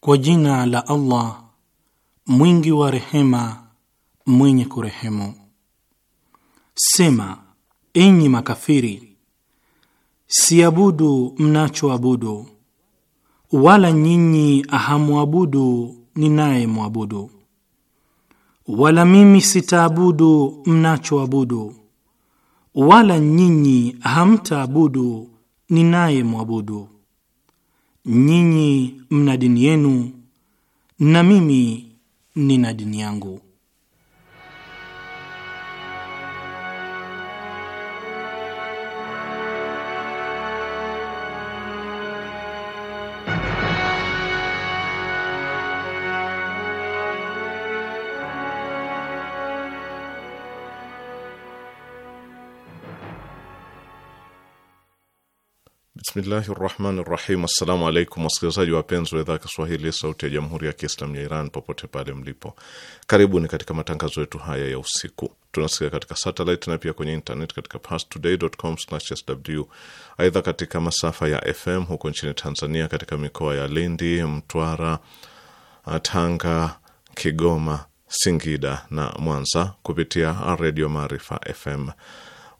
Kwa jina la Allah mwingi wa rehema mwenye kurehemu. Sema, enyi makafiri Siabudu mnachoabudu, wala nyinyi hamwabudu mwabudu wala mimi sitaabudu mnachoabudu, wala nyinyi hamtaabudu mwabudu Nyinyi mna dini yenu na mimi nina dini yangu. Bismillahi rahmani rahim. Assalamu alaikum wasikilizaji wapenzi wa idhaa ya Kiswahili sauti ya jamhuri ya Kiislamu ya Iran popote pale mlipo, karibuni katika matangazo yetu haya ya usiku. Tunasikia katika satelit na pia kwenye internet katika parstoday.com/sw. Aidha, katika masafa ya FM huko nchini Tanzania, katika mikoa ya Lindi, Mtwara, Tanga, Kigoma, Singida na Mwanza kupitia Redio Maarifa FM.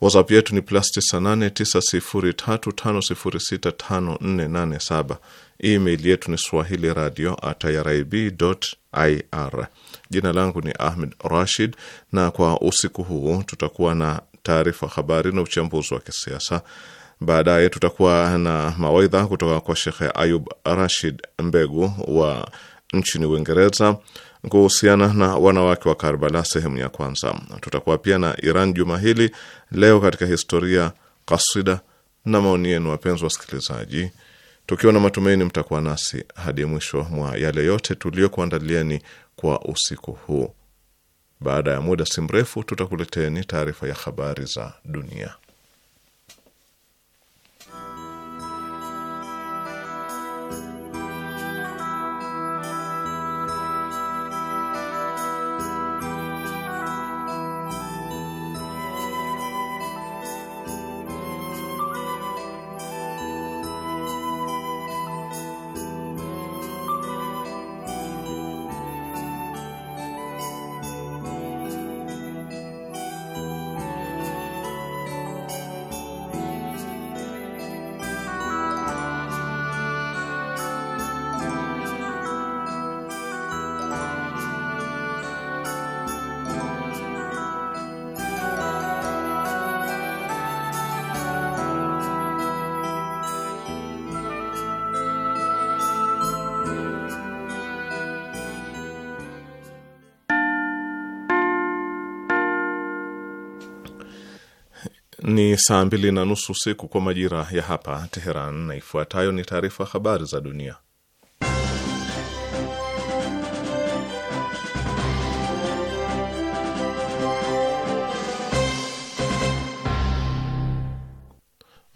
WhatsApp yetu ni plus 989035065487. Email yetu ni swahili radio at irib.ir. Jina langu ni Ahmed Rashid, na kwa usiku huu tutakuwa na taarifa habari na uchambuzi wa kisiasa. Baadaye tutakuwa na mawaidha kutoka kwa Shekhe Ayub Rashid Mbegu wa nchini Uingereza kuhusiana na wanawake wa Karbala sehemu ya kwanza. Tutakuwa pia na Iran juma hili, leo katika historia, kasida na maoni yenu, wapenzi wasikilizaji, tukiwa na matumaini mtakuwa nasi hadi mwisho mwa yale yote tuliyokuandalieni kwa usiku huu. Baada ya muda si mrefu, tutakuleteni taarifa ya habari za dunia. saa mbili na nusu usiku kwa majira ya hapa Teheran, na ifuatayo ni taarifa habari za dunia.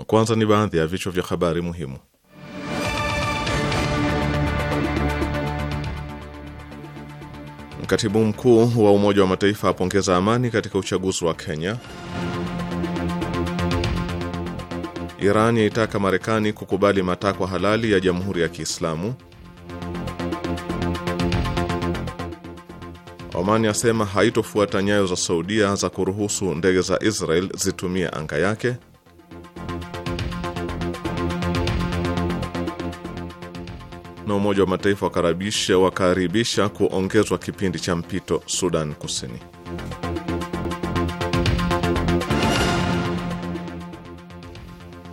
Kwanza ni baadhi ya vichwa vya habari muhimu. Katibu mkuu wa Umoja wa Mataifa apongeza amani katika uchaguzi wa Kenya. Iran yaitaka Marekani kukubali matakwa halali ya Jamhuri ya Kiislamu. Oman yasema haitofuata nyayo za Saudia za kuruhusu ndege za Israel zitumie anga yake. Na Umoja wa Mataifa wakaribisha kuongezwa kipindi cha mpito Sudan Kusini.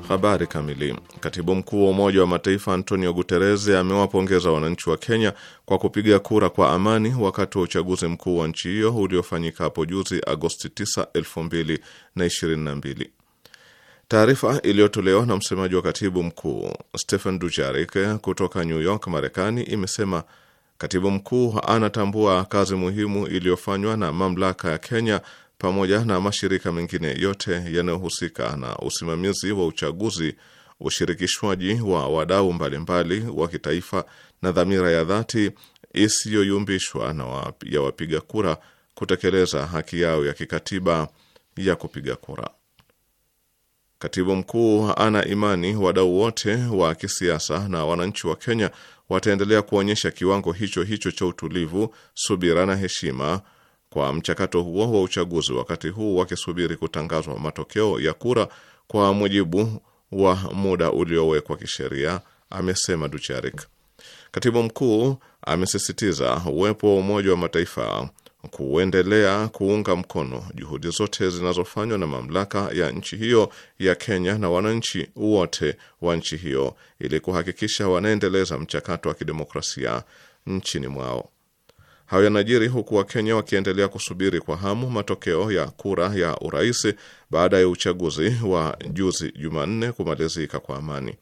Habari kamili. Katibu mkuu wa Umoja wa Mataifa Antonio Guterres amewapongeza wananchi wa Kenya kwa kupiga kura kwa amani wakati wa uchaguzi mkuu wa nchi hiyo uliofanyika hapo juzi Agosti 9, 2022. Taarifa iliyotolewa na msemaji wa katibu mkuu Stephen Dujarik kutoka New York, Marekani, imesema katibu mkuu anatambua kazi muhimu iliyofanywa na mamlaka ya Kenya pamoja na mashirika mengine yote yanayohusika na usimamizi wa uchaguzi, ushirikishwaji wa wadau mbalimbali wa kitaifa na dhamira ya dhati isiyoyumbishwa na wap, ya wapiga kura kutekeleza haki yao ya kikatiba ya kupiga kura. Katibu mkuu ana imani wadau wote wa kisiasa na wananchi wa Kenya wataendelea kuonyesha kiwango hicho hicho cha utulivu, subira na heshima kwa mchakato huo wa uchaguzi, wakati huu wakisubiri kutangazwa matokeo ya kura kwa mujibu wa muda uliowekwa kisheria, amesema Ducharik. Katibu mkuu amesisitiza uwepo wa Umoja wa Mataifa kuendelea kuunga mkono juhudi zote zinazofanywa na mamlaka ya nchi hiyo ya Kenya na wananchi wote wa nchi hiyo ili kuhakikisha wanaendeleza mchakato wa kidemokrasia nchini mwao. Hayo yanajiri huku Wakenya wakiendelea kusubiri kwa hamu matokeo ya kura ya urais baada ya uchaguzi wa juzi Jumanne kumalizika kwa amani.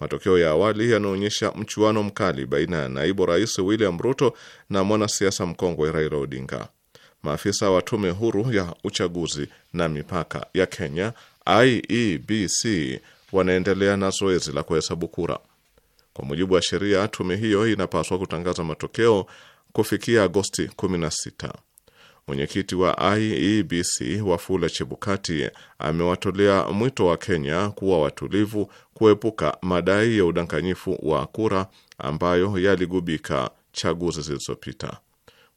Matokeo ya awali yanaonyesha mchuano mkali baina ya naibu rais William Ruto na mwanasiasa mkongwe Raila Odinga. Maafisa wa tume huru ya uchaguzi na mipaka ya Kenya, IEBC, wanaendelea na zoezi la kuhesabu kura. Kwa mujibu wa sheria, tume hiyo inapaswa kutangaza matokeo kufikia Agosti 16. Mwenyekiti wa IEBC Wafula Chebukati amewatolea mwito wa Kenya kuwa watulivu, kuepuka madai ya udanganyifu wa kura ambayo yaligubika chaguzi zilizopita.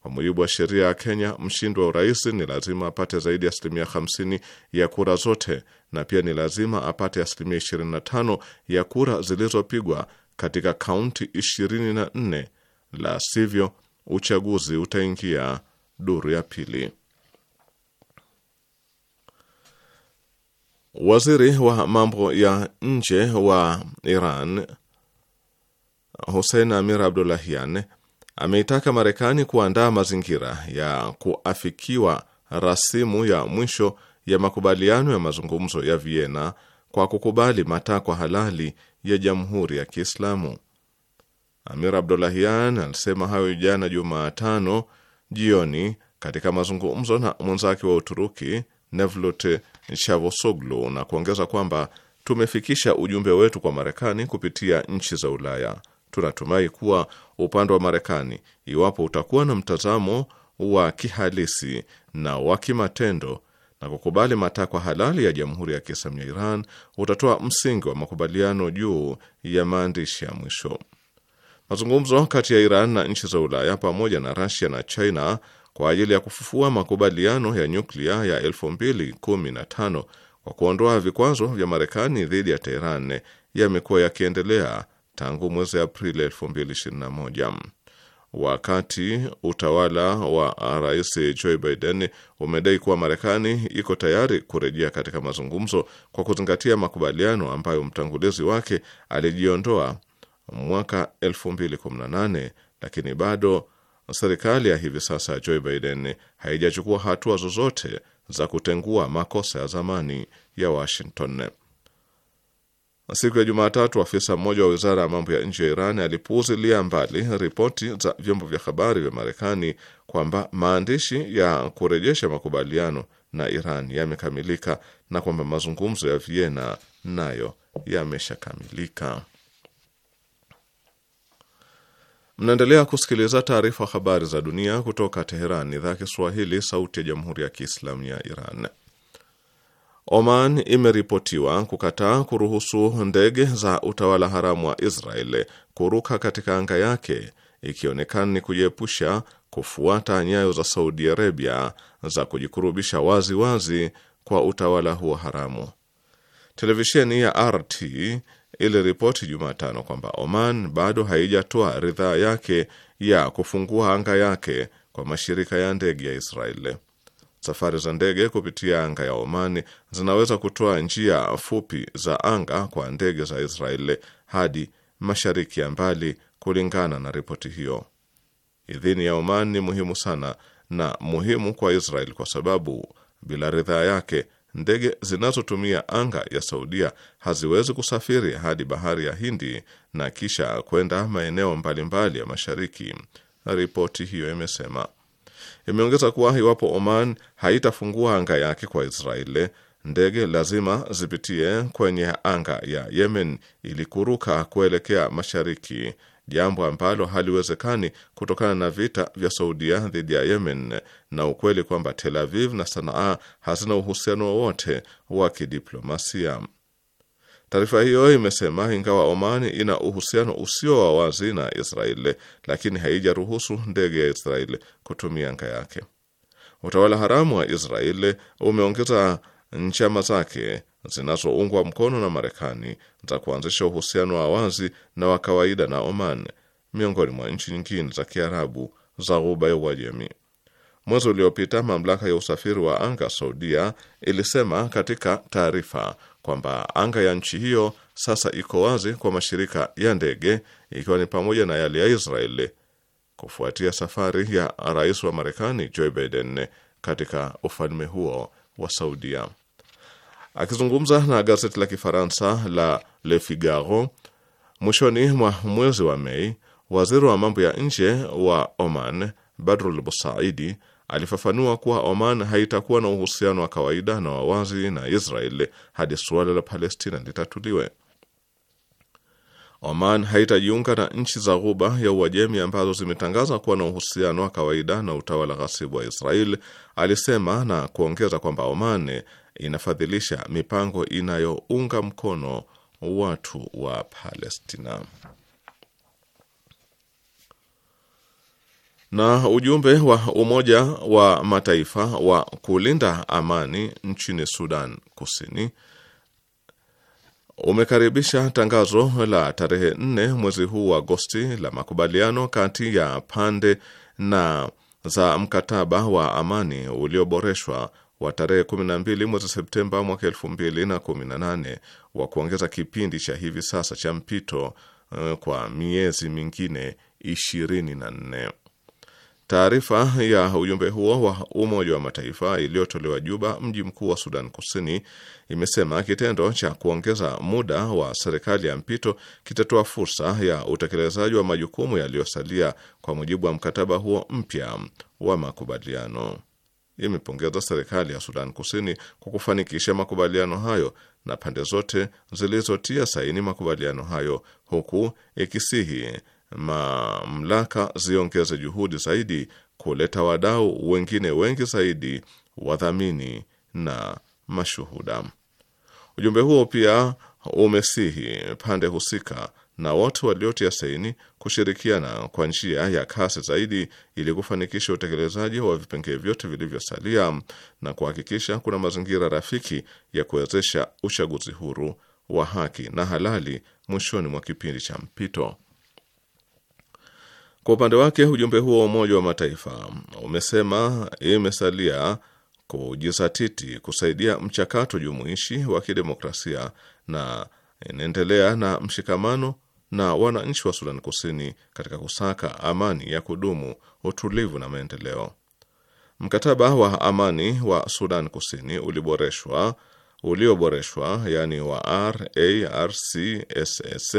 Kwa mujibu wa sheria ya Kenya, mshindi wa urais ni lazima apate zaidi ya asilimia 50 ya kura zote na pia ni lazima apate asilimia 25 ya kura zilizopigwa katika kaunti 24, la sivyo uchaguzi utaingia duru ya pili. Waziri wa mambo ya nje wa Iran Hussein Amir Abdollahian ameitaka Marekani kuandaa mazingira ya kuafikiwa rasimu ya mwisho ya makubaliano ya mazungumzo ya Vienna kwa kukubali matakwa halali ya Jamhuri ya Kiislamu. Amir Abdulahian alisema hayo jana Jumatano jioni katika mazungumzo na mwenzake wa Uturuki Nevlut chavosoglu na kuongeza kwamba tumefikisha ujumbe wetu kwa Marekani kupitia nchi za Ulaya. Tunatumai kuwa upande wa Marekani, iwapo utakuwa na mtazamo wa kihalisi na wa kimatendo na kukubali matakwa halali ya Jamhuri ya Kiislamu ya Iran, utatoa msingi wa makubaliano juu ya maandishi ya mwisho. Mazungumzo kati ya Iran na nchi za Ulaya pamoja na Rasia na China kwa ajili ya kufufua makubaliano ya nyuklia ya 2015 kwa kuondoa vikwazo vya Marekani dhidi ya Teheran yamekuwa yakiendelea tangu mwezi Aprili 2021. Wakati utawala wa Rais Joe Biden umedai kuwa Marekani iko tayari kurejea katika mazungumzo kwa kuzingatia makubaliano ambayo mtangulizi wake alijiondoa mwaka 2018 lakini bado serikali ya hivi sasa ya Joe Biden haijachukua hatua zozote za kutengua makosa ya zamani ya Washington. Siku ya Jumatatu, afisa mmoja wa wizara ya mambo ya nje ya Iran alipuuzilia mbali ripoti za vyombo vya habari vya Marekani kwamba maandishi ya kurejesha makubaliano na Iran yamekamilika na kwamba mazungumzo ya Vienna nayo yameshakamilika. Mnaendelea kusikiliza taarifa habari za dunia kutoka Teheran, idhaa Kiswahili, sauti ya jamhuri ya kiislamu ya Iran. Oman imeripotiwa kukataa kuruhusu ndege za utawala haramu wa Israel kuruka katika anga yake, ikionekana ni kujiepusha kufuata nyayo za Saudi Arabia za kujikurubisha waziwazi wazi kwa utawala huo haramu. Televisheni ya RT iliripoti Jumatano kwamba Oman bado haijatoa ridhaa yake ya kufungua anga yake kwa mashirika ya ndege ya Israeli. Safari za ndege kupitia anga ya oman zinaweza kutoa njia fupi za anga kwa ndege za Israeli hadi mashariki ya mbali, kulingana na ripoti hiyo. Idhini ya Oman ni muhimu sana na muhimu kwa Israeli kwa sababu bila ridhaa yake ndege zinazotumia anga ya Saudia haziwezi kusafiri hadi bahari ya Hindi na kisha kwenda maeneo mbalimbali ya mashariki, ripoti hiyo imesema. Imeongeza kuwa iwapo Oman haitafungua anga yake kwa Israeli, ndege lazima zipitie kwenye anga ya Yemen ili kuruka kuelekea mashariki jambo ambalo haliwezekani kutokana na vita vya Saudia dhidi ya Yemen na ukweli kwamba Tel Aviv na Sanaa hazina uhusiano wowote wa kidiplomasia. Taarifa hiyo imesema ingawa Omani ina uhusiano usio wa wazi na Israeli, lakini haijaruhusu ndege ya Israeli kutumia anga yake. Utawala haramu wa Israeli umeongeza njama zake zinazoungwa mkono na Marekani za kuanzisha uhusiano wa wazi na wa kawaida na Oman miongoni mwa nchi nyingine za Kiarabu za Ghuba ya Uajemi. Mwezi uliopita mamlaka ya usafiri wa anga Saudia ilisema katika taarifa kwamba anga ya nchi hiyo sasa iko wazi kwa mashirika ya ndege ikiwa ni pamoja na yale ya Israeli kufuatia safari ya rais wa Marekani Joe Biden katika ufalme huo wa Saudia. Akizungumza na gazeti la Kifaransa la Le Figaro mwishoni mwa mwezi wa Mei, waziri wa mambo ya nje wa Oman Badrul Busaidi alifafanua kuwa Oman haitakuwa na uhusiano wa kawaida na wawazi na Israel hadi suala la Palestina litatuliwe. Oman haitajiunga na nchi za Ghuba ya Uajemi ambazo zimetangaza kuwa na uhusiano wa kawaida na utawala ghasibu wa Israel, alisema na kuongeza kwamba Oman inafadhilisha mipango inayounga mkono watu wa Palestina. Na ujumbe wa Umoja wa Mataifa wa kulinda amani nchini Sudan Kusini umekaribisha tangazo la tarehe nne mwezi huu wa Agosti la makubaliano kati ya pande na za mkataba wa amani ulioboreshwa wa tarehe 12 mwezi Septemba mwaka 2018 wa kuongeza kipindi cha hivi sasa cha mpito eh, kwa miezi mingine 24. Taarifa ya ujumbe huo wa Umoja wa Mataifa iliyotolewa Juba, mji mkuu wa Sudan Kusini, imesema kitendo cha kuongeza muda wa serikali ya mpito kitatoa fursa ya utekelezaji wa majukumu yaliyosalia kwa mujibu wa mkataba huo mpya wa makubaliano imepongeza serikali ya Sudan Kusini kwa kufanikisha makubaliano hayo na pande zote zilizotia saini makubaliano hayo, huku ikisihi mamlaka ziongeze juhudi zaidi kuleta wadau wengine wengi zaidi, wadhamini na mashuhuda. Ujumbe huo pia umesihi pande husika na wote waliotia saini kushirikiana kwa njia ya kasi zaidi ili kufanikisha utekelezaji wa vipengee vyote vilivyosalia na kuhakikisha kuna mazingira rafiki ya kuwezesha uchaguzi huru wa haki na halali mwishoni mwa kipindi cha mpito. Kwa upande wake, ujumbe huo wa Umoja wa Mataifa umesema imesalia kujizatiti kusaidia mchakato jumuishi wa kidemokrasia na inaendelea na mshikamano na wananchi wa Sudan Kusini katika kusaka amani ya kudumu, utulivu na maendeleo. Mkataba wa amani wa Sudan Kusini uliboreshwa ulioboreshwa yaani wa RARCSS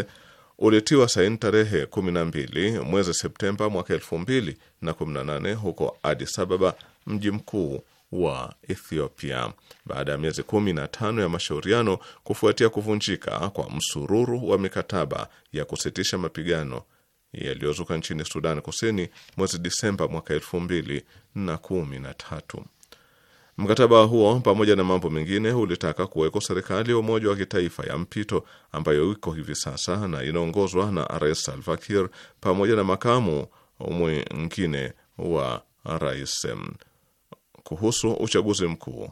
ulitiwa saini tarehe 12 mwezi Septemba mwaka 2018 huko Addis Ababa, mji mkuu wa Ethiopia baada ya miezi kumi na tano ya mashauriano kufuatia kuvunjika kwa msururu wa mikataba ya kusitisha mapigano yaliyozuka nchini Sudan Kusini mwezi Disemba mwaka elfu mbili na kumi na tatu. Mkataba huo pamoja na mambo mengine ulitaka kuwekwa serikali ya umoja wa kitaifa ya mpito ambayo iko hivi sasa na inaongozwa na Rais Salva Kiir pamoja na makamu mwingine wa rais kuhusu uchaguzi mkuu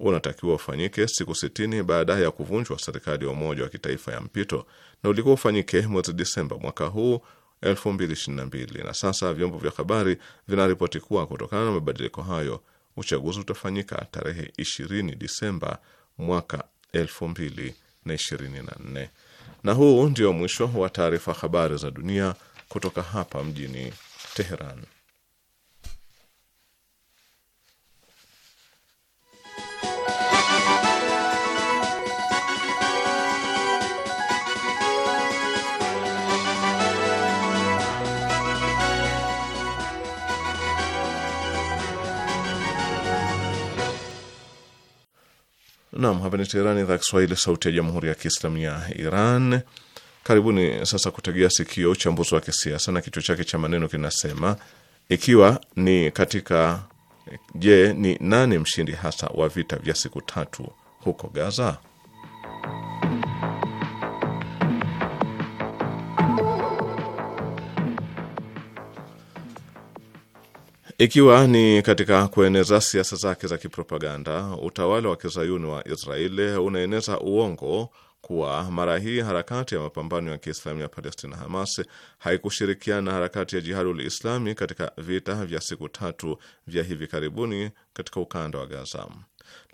unatakiwa ufanyike siku sitini baada ya kuvunjwa serikali ya umoja wa kitaifa ya mpito na ulikuwa ufanyike mwezi Disemba mwaka huu 2022 na sasa vyombo vya habari vinaripoti kuwa kutokana na mabadiliko hayo uchaguzi utafanyika tarehe 20 Disemba mwaka 2024. Na huu ndio mwisho wa taarifa habari za dunia kutoka hapa mjini Teheran. Naam, hapa ni Teherani, idhaa Kiswahili, sauti ya jamhuri ya kiislamu ya Iran. Karibuni sasa kutegea sikio uchambuzi wa kisiasa na kichwa chake cha maneno kinasema ikiwa ni katika je, ni nani mshindi hasa wa vita vya siku tatu huko Gaza? Ikiwa ni katika kueneza siasa zake za kipropaganda, utawala wa kizayuni wa Israeli unaeneza uongo kuwa mara hii harakati ya mapambano ya kiislamu ya Palestina, Hamas, haikushirikiana na harakati ya Jihadul Islami katika vita vya siku tatu vya hivi karibuni katika ukanda wa Gaza.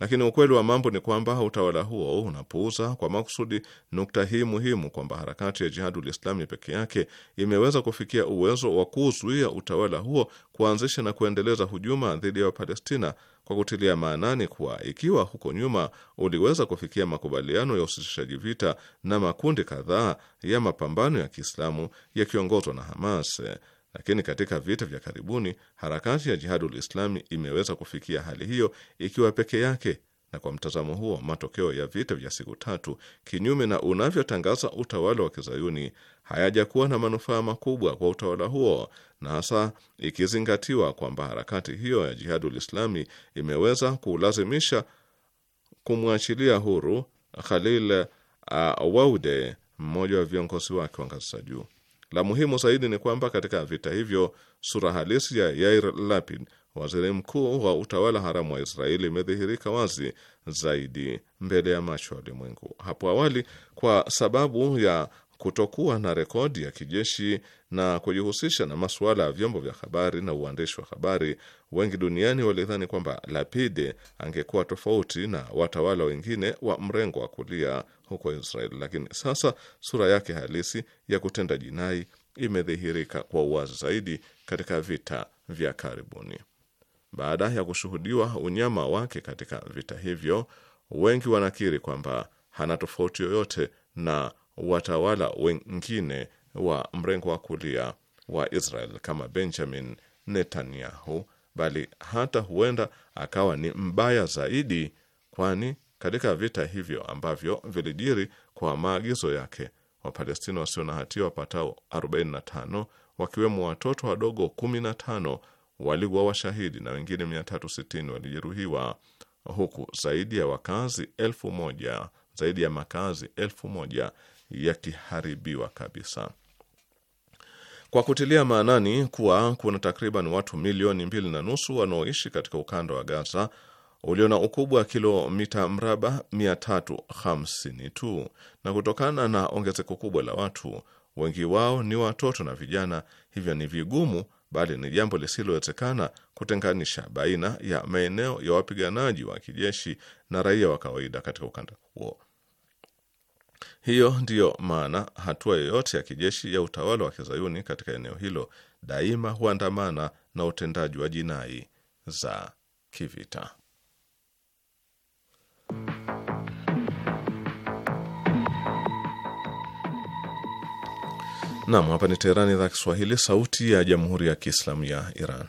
Lakini ukweli wa mambo ni kwamba utawala huo unapuuza kwa makusudi nukta hii muhimu kwamba harakati ya Jihadul Islami peke yake imeweza kufikia uwezo wa kuzuia utawala huo kuanzisha na kuendeleza hujuma dhidi ya Wapalestina, kwa kutilia maanani kuwa ikiwa huko nyuma uliweza kufikia makubaliano ya usitishaji vita na makundi kadhaa ya mapambano ya Kiislamu yakiongozwa na Hamas lakini katika vita vya karibuni harakati ya Jihadul Islami imeweza kufikia hali hiyo ikiwa peke yake, na kwa mtazamo huo matokeo ya vita vya siku tatu, kinyume na unavyotangaza utawala wa kizayuni, hayajakuwa na manufaa makubwa kwa utawala huo, na hasa ikizingatiwa kwamba harakati hiyo ya Jihadul Islami imeweza kulazimisha kumwachilia huru Khalil waude mmoja wa viongozi wake wa ngazi za juu. La muhimu zaidi ni kwamba katika vita hivyo sura halisi ya Yair Lapid, waziri mkuu wa utawala haramu wa Israeli, imedhihirika wazi zaidi mbele ya macho ya ulimwengu. Hapo awali, kwa sababu ya kutokuwa na rekodi ya kijeshi na kujihusisha na masuala ya vyombo vya habari na uandishi wa habari, wengi duniani walidhani kwamba lapide angekuwa tofauti na watawala wengine wa mrengo wa kulia huko Israel, lakini sasa sura yake halisi ya kutenda jinai imedhihirika kwa uwazi zaidi katika vita vya karibuni. Baada ya kushuhudiwa unyama wake katika vita hivyo, wengi wanakiri kwamba hana tofauti yoyote na watawala wengine wa mrengo wa kulia wa Israel kama Benjamin Netanyahu, bali hata huenda akawa ni mbaya zaidi, kwani katika vita hivyo ambavyo vilijiri kwa maagizo yake, Wapalestina wasio na hatia wapatao 45 wakiwemo watoto wadogo 15 waliwa washahidi na wengine 360 walijeruhiwa huku zaidi ya wakazi elfu moja zaidi ya makazi elfu moja yakiharibiwa kabisa. Kwa kutilia maanani kuwa kuna takriban watu milioni mbili na nusu wanaoishi katika ukanda wa Gaza ulio na ukubwa wa kilomita mraba 350 tu, na kutokana na ongezeko kubwa la watu, wengi wao ni watoto na vijana, hivyo ni vigumu, bali ni jambo lisilowezekana kutenganisha baina ya maeneo ya wapiganaji wa kijeshi na raia wa kawaida katika ukanda huo. Hiyo ndiyo maana hatua yoyote ya kijeshi ya utawala wa kizayuni katika eneo hilo daima huandamana na utendaji wa jinai za kivita. Nam, hapa ni Teherani, idhaa Kiswahili, sauti ya jamhuri ya kiislamu ya Iran.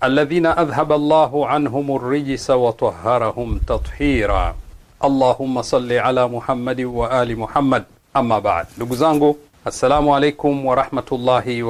alladhina adhhaba Allahu anhum ar-rijsa tathira. Allahumma salli ala Muhammadin wa ali Muhammad. Amma baad, ndugu zangu, assalamu alaikum wa rahmatullahi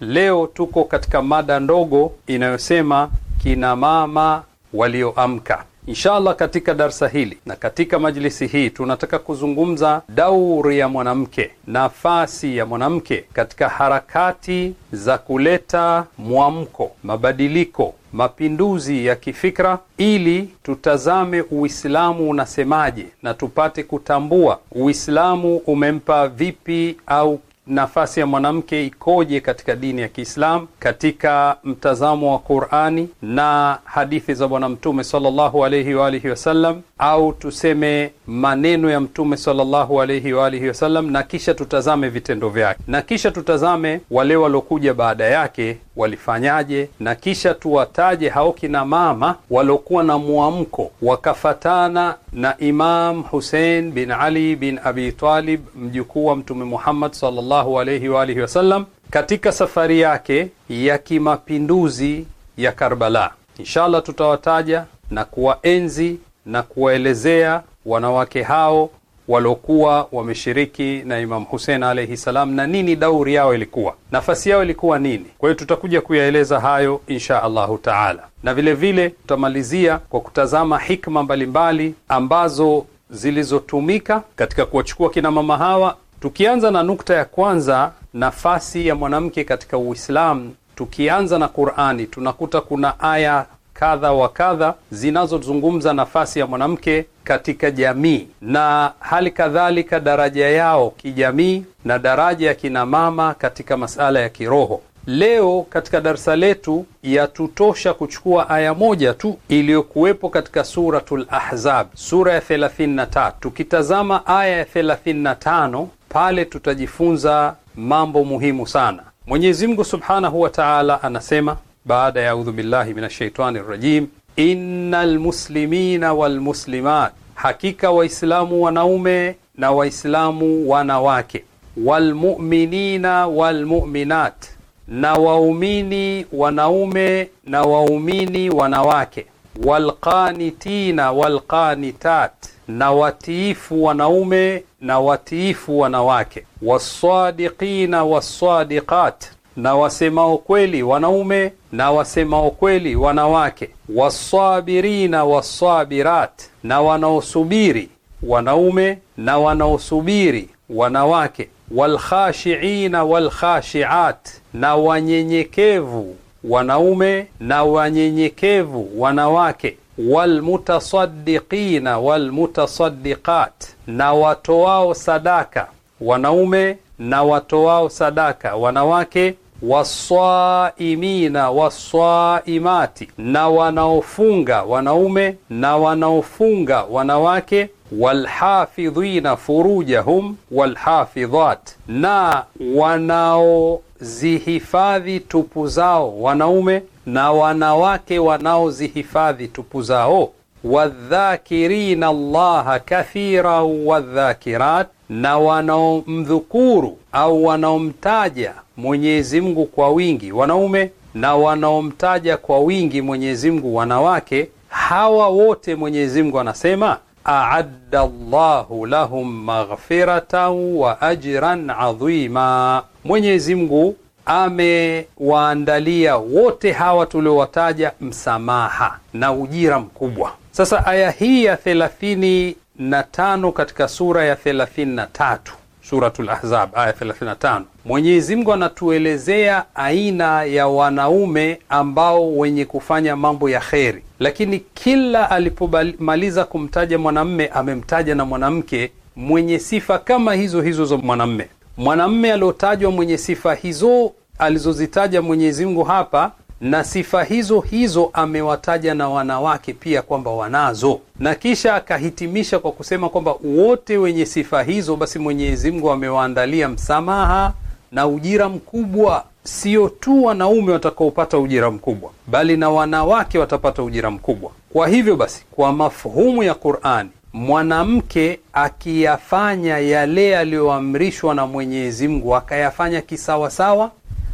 Leo tuko katika mada ndogo inayosema kina mama walioamka. Inshallah, katika darsa hili na katika majlisi hii tunataka kuzungumza dauri ya mwanamke, nafasi ya mwanamke katika harakati za kuleta mwamko, mabadiliko, mapinduzi ya kifikra, ili tutazame Uislamu unasemaje na tupate kutambua Uislamu umempa vipi au nafasi ya mwanamke ikoje katika dini ya Kiislamu, katika mtazamo wa Qurani na hadithi za Bwana Mtume sallallahu wa alihi wasallam, au tuseme maneno ya Mtume sallallahu wa alihi wasallam, na kisha tutazame vitendo vyake, na kisha tutazame wale waliokuja baada yake walifanyaje, na kisha tuwataje hao kina mama waliokuwa na mwamko wakafatana na Imam Husein bin Ali bin Abi Talib, mjukuu wa Mtume Muhammad sallallahu sallallahu alayhi wa alihi wasallam katika safari yake ya kimapinduzi ya Karbala. Inshallah tutawataja na kuwaenzi na kuwaelezea wanawake hao waliokuwa wameshiriki na Imam Hussein alayhi salam, na nini dauri yao ilikuwa, nafasi yao ilikuwa nini. Kwa hiyo tutakuja kuyaeleza hayo insha Allahu taala, na vile vile tutamalizia kwa kutazama hikma mbalimbali ambazo zilizotumika katika kuwachukua kina mama hawa Tukianza na nukta ya kwanza, nafasi ya mwanamke katika Uislamu, tukianza na Qur'ani tunakuta kuna aya kadha wa kadha zinazozungumza nafasi ya mwanamke katika jamii na hali kadhalika daraja yao kijamii na daraja ya kinamama katika masala ya kiroho. Leo katika darsa letu yatutosha kuchukua aya moja tu iliyokuwepo katika Suratul Ahzab, sura ya 33. Tukitazama aya ya 35 pale tutajifunza mambo muhimu sana. Mwenyezi Mungu subhanahu wa taala anasema baada ya audhu billahi min ashaitani rajim, inna lmuslimina walmuslimat, hakika Waislamu wanaume na Waislamu wanawake, walmuminina walmuminat, na waumini wanaume na waumini wanawake, walqanitina walqanitat na watiifu wanaume na watiifu wanawake, wasadiqina wasadiqat, na wasemao kweli wanaume na wasemao kweli wanawake, wassabirina wasabirat, na wanaosubiri wanaume na wanaosubiri wanawake, walkhashiina walkhashiat, na wanyenyekevu wanaume na wanyenyekevu wanawake walmutasaddiqina walmutasaddiqat, na watoao sadaka wanaume na watoao sadaka wanawake, wasaimina wasaimati, na wanaofunga wanaume na wanaofunga wanawake, walhafidhina furujahum walhafidhat, na wanaozihifadhi tupu zao wanaume na wanawake wanaozihifadhi tupu zao, wadhakirina Allaha kathira wadhakirat, na wanaomdhukuru au wanaomtaja Mwenyezi Mungu kwa wingi wanaume, na wanaomtaja kwa wingi Mwenyezi Mungu wanawake. Hawa wote Mwenyezi Mungu anasema aadda llahu lahum maghfiratan wa ajran adhima, Mwenyezi Mungu amewaandalia wote hawa tuliowataja msamaha na ujira mkubwa. Sasa aya hii ya thelathini na tano katika sura ya thelathini na tatu Suratul Ahzab aya 35, Mwenyezi Mungu anatuelezea aina ya wanaume ambao wenye kufanya mambo ya kheri, lakini kila alipomaliza kumtaja mwanamme amemtaja na mwanamke mwenye sifa kama hizo hizo za mwanamme mwanamme aliotajwa mwenye sifa hizo alizozitaja Mwenyezi Mungu hapa na sifa hizo hizo amewataja na wanawake pia kwamba wanazo, na kisha akahitimisha kwa kusema kwamba wote wenye sifa hizo basi Mwenyezi Mungu amewaandalia msamaha na ujira mkubwa. Sio tu wanaume watakaopata ujira mkubwa, bali na wanawake watapata ujira mkubwa. Kwa hivyo basi, kwa mafhumu ya Qur'ani mwanamke akiyafanya yale aliyoamrishwa na Mwenyezi Mungu akayafanya kisawasawa,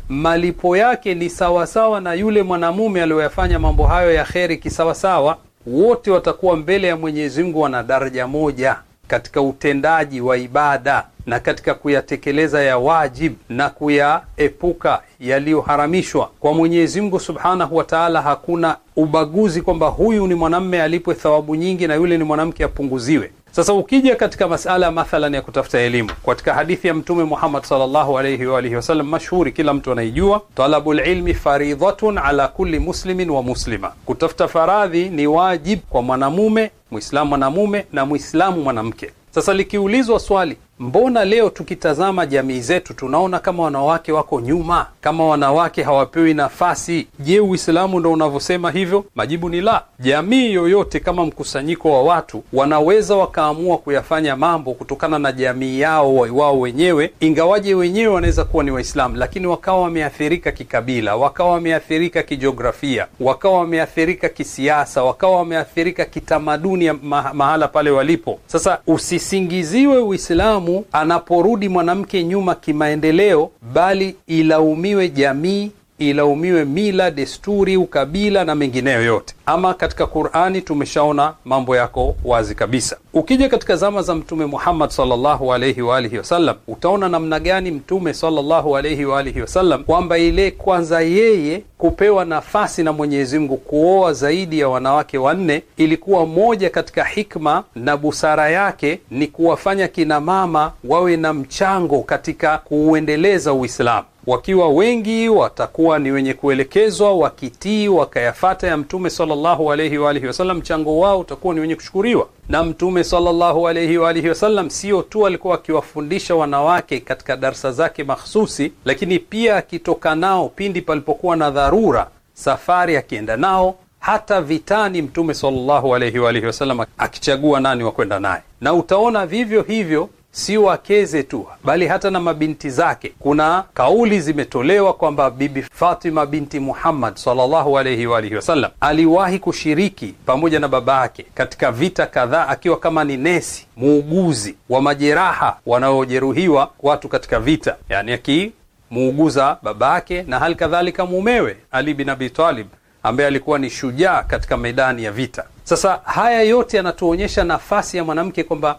malipo yake ni sawasawa na yule mwanamume aliyoyafanya mambo hayo ya kheri kisawasawa. Wote watakuwa mbele ya Mwenyezi Mungu wana daraja moja katika utendaji wa ibada na katika kuyatekeleza ya wajib na kuyaepuka yaliyoharamishwa. Kwa Mwenyezi Mungu subhanahu wa taala hakuna ubaguzi kwamba huyu ni mwanamme alipwe thawabu nyingi na yule ni mwanamke apunguziwe. Sasa ukija katika masala mathalan ya kutafuta elimu, katika hadithi ya Mtume Muhammad sallallahu alayhi wa alihi wasallam mashhuri, kila mtu anaijua, talabul ilmi faridhatun ala kulli muslimin wa muslima, kutafuta faradhi ni wajib kwa mwanamume Muislamu mwanamume na Muislamu mwanamke. Sasa likiulizwa swali Mbona leo tukitazama jamii zetu tunaona kama wanawake wako nyuma, kama wanawake hawapewi nafasi? Je, Uislamu ndo unavyosema hivyo? Majibu ni la. Jamii yoyote kama mkusanyiko wa watu wanaweza wakaamua kuyafanya mambo kutokana na jamii yao wao wenyewe, ingawaje wenyewe wanaweza kuwa ni Waislamu, lakini wakawa wameathirika kikabila, wakawa wameathirika kijiografia, wakawa wameathirika kisiasa, wakawa wameathirika kitamaduni ya mahala pale walipo. Sasa usisingiziwe Uislamu anaporudi mwanamke nyuma kimaendeleo, bali ilaumiwe jamii ilaumiwe mila, desturi, ukabila na mengineyo yote. Ama katika Qur'ani tumeshaona mambo yako wazi kabisa. Ukija katika zama za Mtume Muhammad sallallahu wa alihi wasallam, utaona namna gani Mtume sallallahu wa alihi wasallam kwamba ile kwanza yeye kupewa nafasi na Mwenyezi Mungu kuoa zaidi ya wanawake wanne ilikuwa moja katika hikma na busara yake ni kuwafanya kinamama wawe na mchango katika kuuendeleza Uislamu wakiwa wengi watakuwa ni wenye kuelekezwa, wakitii wakayafata ya Mtume sallallahu wa alihi wasallam, mchango wao utakuwa ni wenye kushukuriwa. Na Mtume sallallahu wa alihi wasallam sio tu alikuwa akiwafundisha wanawake katika darsa zake mahsusi, lakini pia akitoka nao pindi palipokuwa na dharura, safari akienda nao hata vitani, Mtume sallallahu wa alihi wasallam akichagua nani wa kwenda naye, na utaona vivyo hivyo si wakeze tu, bali hata na mabinti zake. Kuna kauli zimetolewa kwamba Bibi Fatima binti Muhammad sallallahu alayhi wa alihi wasallam aliwahi kushiriki pamoja na baba yake katika vita kadhaa, akiwa kama ni nesi muuguzi wa majeraha wanaojeruhiwa watu katika vita, yani akimuuguza baba yake na hali kadhalika mumewe Ali bin Abi Talib ambaye alikuwa ni shujaa katika medani ya vita. Sasa haya yote yanatuonyesha nafasi ya mwanamke kwamba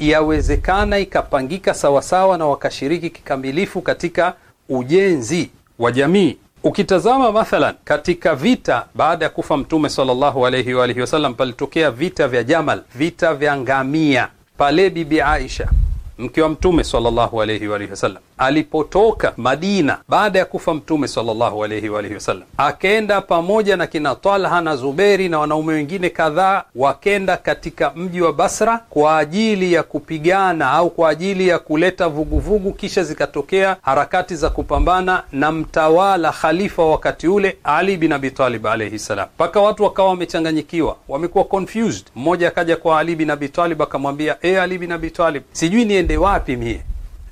yawezekana ikapangika sawasawa na wakashiriki kikamilifu katika ujenzi wa jamii. Ukitazama mathalan katika vita baada ya kufa Mtume sallallahu alayhi wa alihi wasallam, palitokea vita vya Jamal, vita vya ngamia. Pale Bibi Aisha mke wa Mtume sallallahu alayhi wa alihi wasallam alipotoka Madina baada ya kufa Mtume sallallahu alayhi wa alihi wasallam, akenda pamoja na kina Talha na Zuberi na wanaume wengine kadhaa, wakenda katika mji wa Basra kwa ajili ya kupigana au kwa ajili ya kuleta vuguvugu vugu, kisha zikatokea harakati za kupambana na mtawala khalifa wakati ule Ali bin Abi Talib alayhi salam, mpaka watu wakawa wamechanganyikiwa, wamekuwa confused. Mmoja akaja kwa Ali bin Abi Talib akamwambia, e Ali bin Abi Talib, sijui niende wapi mie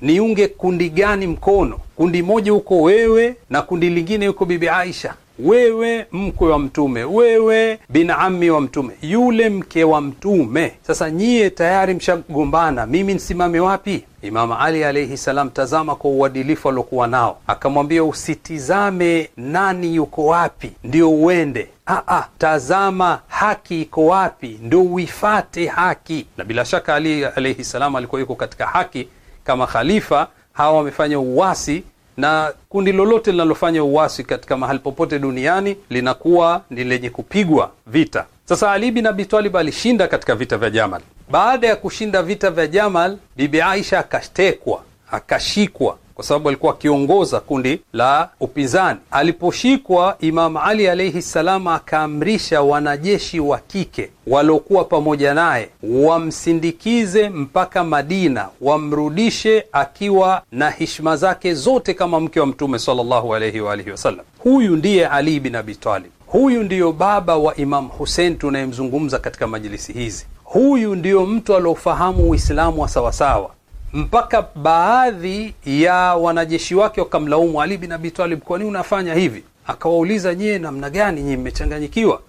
niunge kundi gani mkono? Kundi moja huko wewe na kundi lingine huko Bibi Aisha, wewe mkwe wa Mtume, wewe binami wa Mtume, yule mke wa Mtume. Sasa nyie tayari mshagombana, mimi nsimame wapi? Imam Ali alaihi salam, tazama kwa uadilifu aliokuwa nao, akamwambia usitizame nani yuko wapi ndio uende Aa, ah, ah, tazama haki iko wapi, ndo uifate haki. Na bila shaka Ali alaihi salam alikuwa yuko katika haki, kama khalifa, hawa wamefanya uwasi, na kundi lolote linalofanya uwasi katika mahali popote duniani linakuwa ni lenye kupigwa vita. Sasa Ali bin Abi Talib alishinda katika vita vya Jamal. Baada ya kushinda vita vya Jamal, Bibi Aisha akashtekwa, akashikwa kwa sababu alikuwa akiongoza kundi la upinzani. Aliposhikwa, Imam Ali alaihi ssalam akaamrisha wanajeshi wa kike waliokuwa pamoja naye wamsindikize mpaka Madina, wamrudishe akiwa na hishma zake zote kama mke wa Mtume sallallahu alaihi wasallam. Huyu ndiye Ali bin Abi Talib. Huyu ndiyo baba wa Imam Hussein tunayemzungumza katika majilisi hizi. Huyu ndiyo mtu aliofahamu Uislamu wa sawasawa mpaka baadhi ya wanajeshi wake wakamlaumu Ali bin Abi Talib, kwa nini unafanya hivi? Akawauliza, nyie namna gani? Nyie mmechanganyikiwa.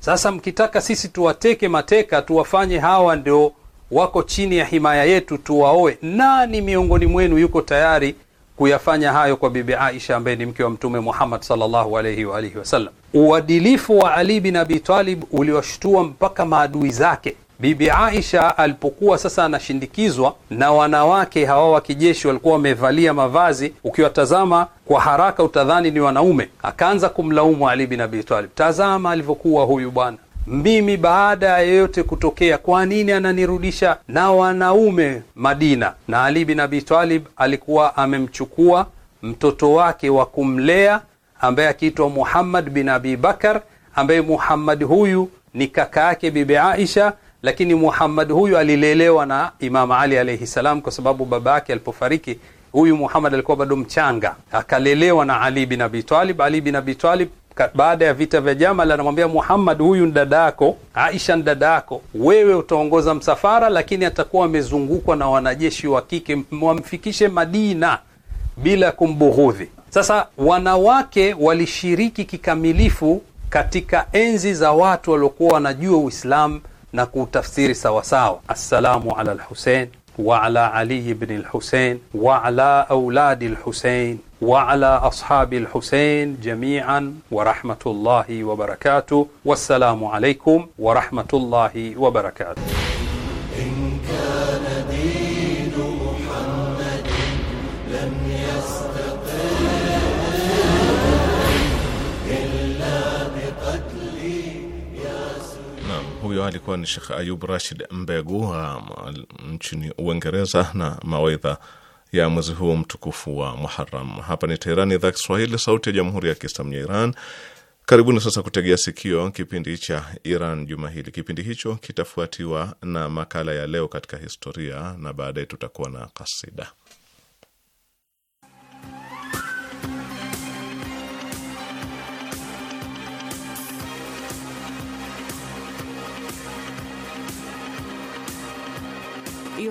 Sasa mkitaka sisi tuwateke mateka, tuwafanye hawa ndio wako chini ya himaya yetu, tuwaoe, nani miongoni mwenu yuko tayari kuyafanya hayo kwa Bibi Aisha ambaye ni mke wa Mtume Muhammad sallallahu wa alihi wasallam? Uadilifu wa Ali bin Abi Talib uliwashtua mpaka maadui zake. Bibi Aisha alipokuwa sasa anashindikizwa na wanawake hawa wa kijeshi, walikuwa wamevalia mavazi, ukiwatazama kwa haraka utadhani ni wanaume. Akaanza kumlaumu Ali bin Abi Talib, tazama alivyokuwa huyu bwana mimi baada ya yeyote kutokea, kwa nini ananirudisha na wanaume Madina? Na Ali bin Abi Talib alikuwa amemchukua mtoto wake wa kumlea ambaye akiitwa Muhammad bin Abi Bakar, ambaye Muhammad huyu ni kaka yake Bibi Aisha lakini Muhammad huyu alilelewa na Imam Ali alaihi salam, kwa sababu baba yake alipofariki huyu Muhammad alikuwa bado mchanga, akalelewa na Ali bin Abi Talib. Ali bin Abi Talib baada ya vita vya Jamal anamwambia Muhammad, huyu ni dadako Aisha, ni dadako wewe, utaongoza msafara, lakini atakuwa amezungukwa na wanajeshi wa kike, wamfikishe Madina bila kumbughudhi. Sasa wanawake walishiriki kikamilifu katika enzi za watu waliokuwa wanajua Uislamu na kuutafsiri sawasawa. Assalamu ala lhusein wa ala aliyi bni lhusein wa ala auladi lhusein wa ala ashabi lhusein jamian wa rahmatullahi wa barakatuh. Wassalamu alaikum wa rahmatullahi wa barakatuh. huyo alikuwa ni Shekh Ayub Rashid Mbegu wa um, nchini Uingereza na mawaidha ya mwezi huu mtukufu wa Muharam. Hapa ni Teherani, idhaa Kiswahili, sauti ya jamhuri ya kiislamu ya Iran. Karibuni sasa kutegea sikio kipindi cha Iran juma hili. Kipindi hicho kitafuatiwa na makala ya leo katika historia, na baadaye tutakuwa na kasida.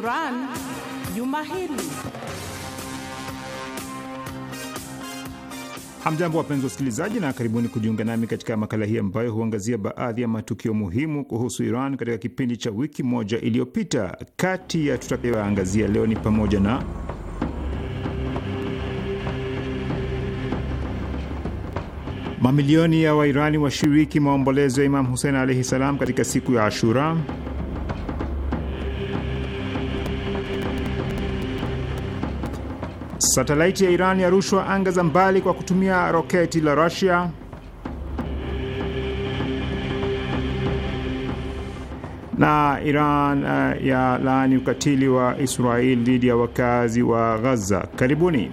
Iran juma hili. Hamjambo, wapenzi wasikilizaji, na karibuni kujiunga nami katika makala hii ambayo huangazia baadhi ya matukio muhimu kuhusu Iran katika kipindi cha wiki moja iliyopita. Kati ya tutakayoangazia leo ni pamoja na mamilioni ya Wairani washiriki maombolezo ya Imam Husein alaihi salam katika siku ya Ashura, satelaiti ya Iran yarushwa anga za mbali kwa kutumia roketi la Rusia. na Iran uh, ya laani ukatili wa Israel dhidi ya wakazi wa Gaza. Karibuni.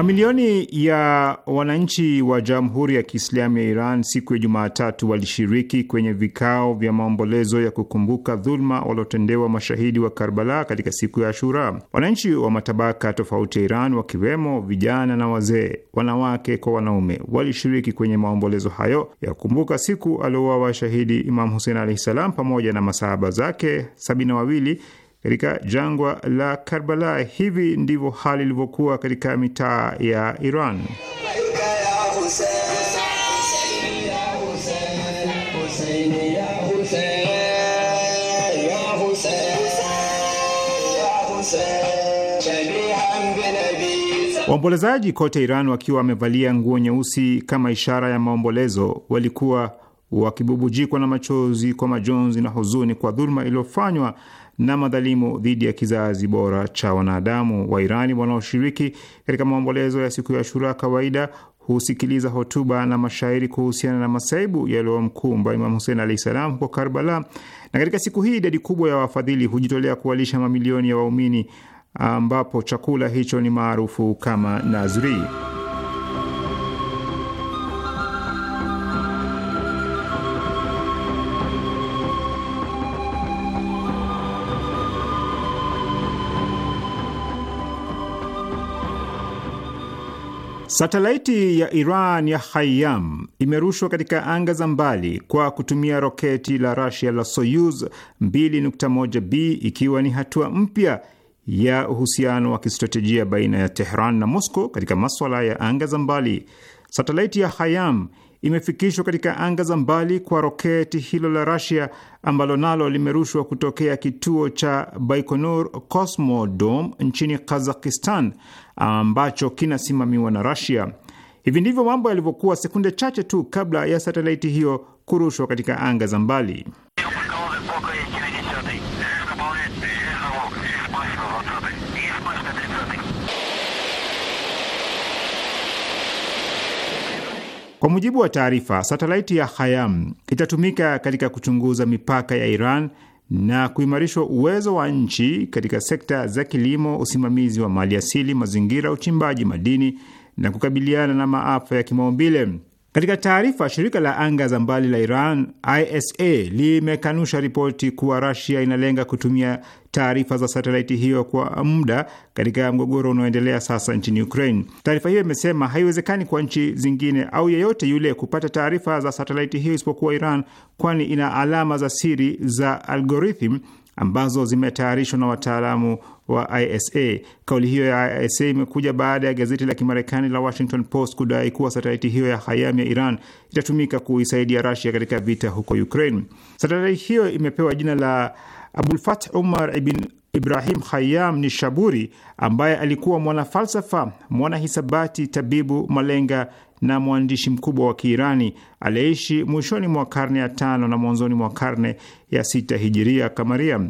Mamilioni ya wananchi wa Jamhuri ya Kiislamu ya Iran siku ya Jumatatu walishiriki kwenye vikao vya maombolezo ya kukumbuka dhuluma waliotendewa mashahidi wa Karbala katika siku ya Ashura. Wananchi wa matabaka tofauti ya Iran, wakiwemo vijana na wazee, wanawake kwa wanaume, walishiriki kwenye maombolezo hayo ya kukumbuka siku aliouawa shahidi Imam Husein alahi salam pamoja na masahaba zake sabini na wawili katika jangwa la Karbala. Hivi ndivyo hali ilivyokuwa katika mitaa ya Iran. Waombolezaji kote Iran wakiwa wamevalia nguo nyeusi kama ishara ya maombolezo, walikuwa wakibubujikwa na machozi kwa majonzi na huzuni kwa dhuluma iliyofanywa na madhalimu dhidi ya kizazi bora cha wanadamu. Wairani wanaoshiriki katika maombolezo ya siku ya Ashura kawaida husikiliza hotuba na mashairi kuhusiana na masaibu yaliyomkumba Imam Husein alahi salam huko Karbala, na katika siku hii idadi kubwa ya wafadhili hujitolea kuwalisha mamilioni ya waumini, ambapo chakula hicho ni maarufu kama nazri. Satelaiti ya Iran ya Hayam imerushwa katika anga za mbali kwa kutumia roketi la Rasia la Soyuz 2.1b ikiwa ni hatua mpya ya uhusiano wa kistratejia baina ya Tehran na Moscow katika maswala ya anga za mbali. Satelaiti ya Hayam imefikishwa katika anga za mbali kwa roketi hilo la Rasia ambalo nalo limerushwa kutokea kituo cha Baikonur cosmodom nchini Kazakistan ambacho kinasimamiwa na Russia. Hivi ndivyo mambo yalivyokuwa sekunde chache tu kabla ya satelaiti hiyo kurushwa katika anga za mbali. Kwa mujibu wa taarifa, satelaiti ya Hayam itatumika katika kuchunguza mipaka ya Iran na kuimarishwa uwezo wa nchi katika sekta za kilimo, usimamizi wa mali asili, mazingira, uchimbaji madini na kukabiliana na maafa ya kimaumbile. Katika taarifa, shirika la anga za mbali la Iran ISA limekanusha ripoti kuwa Rasia inalenga kutumia taarifa za satelaiti hiyo kwa muda katika mgogoro unaoendelea sasa nchini Ukraine. Taarifa hiyo imesema haiwezekani kwa nchi zingine au yeyote yule kupata taarifa za satelaiti hiyo isipokuwa Iran, kwani ina alama za siri za algorithm ambazo zimetayarishwa na wataalamu wa ISA. Kauli hiyo ya ISA imekuja baada ya gazeti la Kimarekani la Washington Post kudai kuwa satelaiti hiyo ya Hayam ya Iran itatumika kuisaidia Russia katika vita huko Ukraine. Satelaiti hiyo imepewa jina la Abulfath Umar ibn Ibrahim Khayyam ni Shaburi ambaye alikuwa mwanafalsafa, mwanahisabati, tabibu, malenga na mwandishi mkubwa wa Kiirani aliyeishi mwishoni mwa karne ya tano na mwanzoni mwa karne ya sita hijiria kamaria.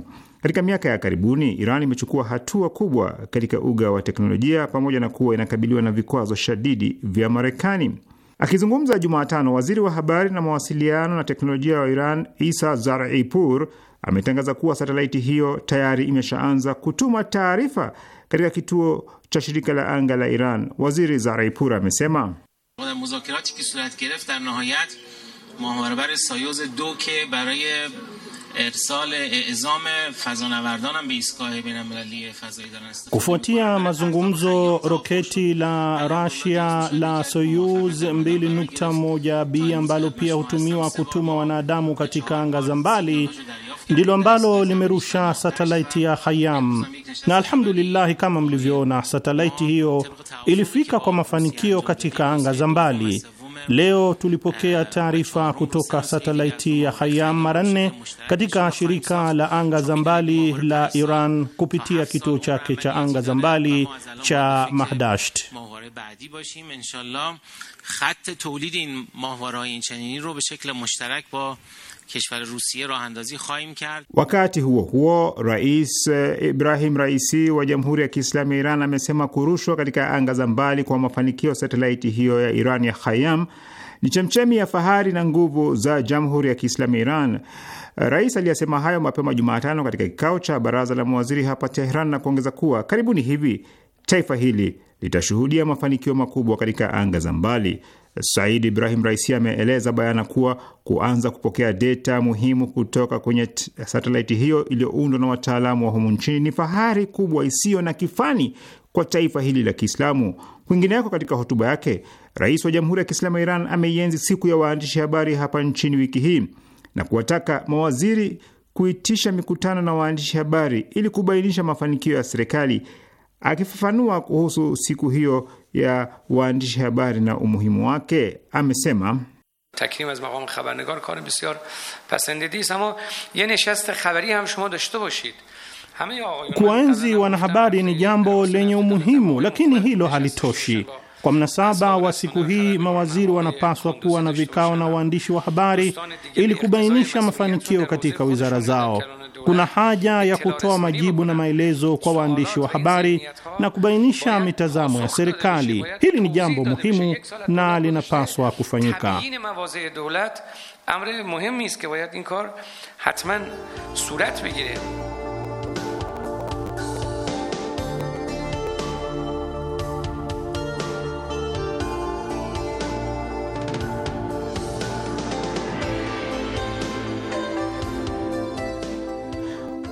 Katika miaka ya karibuni Iran imechukua hatua kubwa katika uga wa teknolojia pamoja na kuwa inakabiliwa na vikwazo shadidi vya Marekani. Akizungumza Jumatano, waziri wa habari na mawasiliano na teknolojia wa Iran Isa Zaraipur ametangaza kuwa satelaiti hiyo tayari imeshaanza kutuma taarifa katika kituo cha shirika la anga la Iran. Waziri Zaraipur amesema kufuatia mazungumzo, roketi la rasia la Soyuz 2.1b ambalo pia hutumiwa kutuma wanadamu katika anga za mbali ndilo ambalo limerusha satelaiti ya Hayam, na alhamdulillahi, kama mlivyoona satelaiti hiyo ilifika kwa mafanikio katika anga za mbali. Leo tulipokea taarifa kutoka satelaiti ya Hayam mara nne katika shirika la anga za mbali la Iran kupitia kituo chake cha anga za mbali cha Mahdasht. کشور روسیه راه اندازی خواهیم کرد. Wakati huo huo, Rais Ibrahim Raisi wa Jamhuri ya Kiislamu ya Iran amesema kurushwa katika anga za mbali kwa mafanikio satelaiti hiyo ya Iran ya Khayam ni chemchemi ya fahari na nguvu za Jamhuri ya Kiislamu ya Iran. Rais aliyasema hayo mapema Jumatano katika kikao cha baraza la mawaziri hapa Tehran na kuongeza kuwa karibuni hivi taifa hili litashuhudia mafanikio makubwa katika anga za mbali. Said Ibrahim Raisi ameeleza bayana kuwa kuanza kupokea data muhimu kutoka kwenye satelaiti hiyo iliyoundwa na wataalamu wa humu nchini ni fahari kubwa isiyo na kifani kwa taifa hili la Kiislamu. Kwingineko, katika hotuba yake, rais wa Jamhuri ya Kiislamu ya Iran ameienzi siku ya waandishi habari hapa nchini wiki hii na kuwataka mawaziri kuitisha mikutano na waandishi habari ili kubainisha mafanikio ya serikali. Akifafanua kuhusu siku hiyo ya waandishi habari na umuhimu wake, amesema takrim az maqam khabarnigar kar bisyar ama ye khabari ham shoma dashte bashid Kuwaenzi wanahabari ni jambo lenye umuhimu, lakini hilo halitoshi. Kwa mnasaba wa siku hii, mawaziri wanapaswa kuwa na vikao na waandishi wa habari ili kubainisha mafanikio katika wizara zao kuna haja ya kutoa majibu na maelezo kwa waandishi wa habari na kubainisha mitazamo ya serikali. Hili ni jambo muhimu na linapaswa kufanyika.